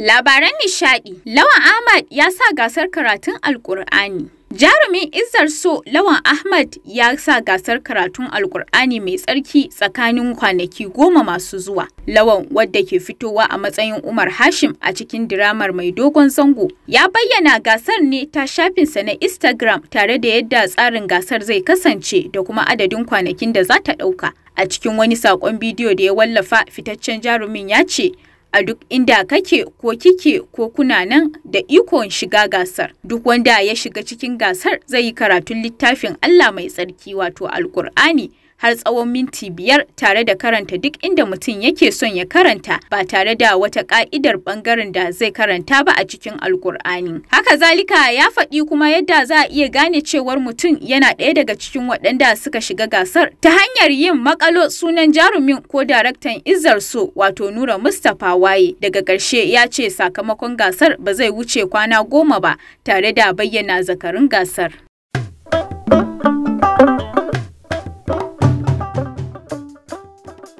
Labaran nishaɗi Lawan Ahmad ya sa gasar karatun Alƙur'ani. Jarumin Izzar So Lawan Ahmad ya sa gasar karatun Alkur'ani mai tsarki tsakanin kwanaki goma masu zuwa. Lawan wadda ke fitowa a matsayin Umar Hashim a cikin diramar mai dogon zango ya bayyana gasar ne ta shafinsa na Instagram tare da yadda tsarin gasar zai kasance da kuma adadin kwanakin da za ta ɗauka. A cikin wani saƙon bidiyo da ya wallafa fitaccen jarumin ya ce a duk inda kake ko kike ko kuna nan da ikon shiga gasar. Duk wanda ya shiga cikin gasar zai yi karatun littafin Allah mai tsarki wato Alkur'ani har tsawon minti biyar tare da karanta duk inda mutum yake son ya karanta ba tare da wata ka'idar bangaren da zai karanta ba a cikin alkur'ani haka zalika ya faɗi kuma yadda za a iya gane cewar mutum yana ɗaya daga cikin waɗanda suka shiga gasar ta hanyar yin makalo sunan jarumin ko daraktan izar so wato nura mustapha waye daga ƙarshe ya ce sakamakon gasar ba zai wuce kwana goma ba tare da bayyana zakarin gasar.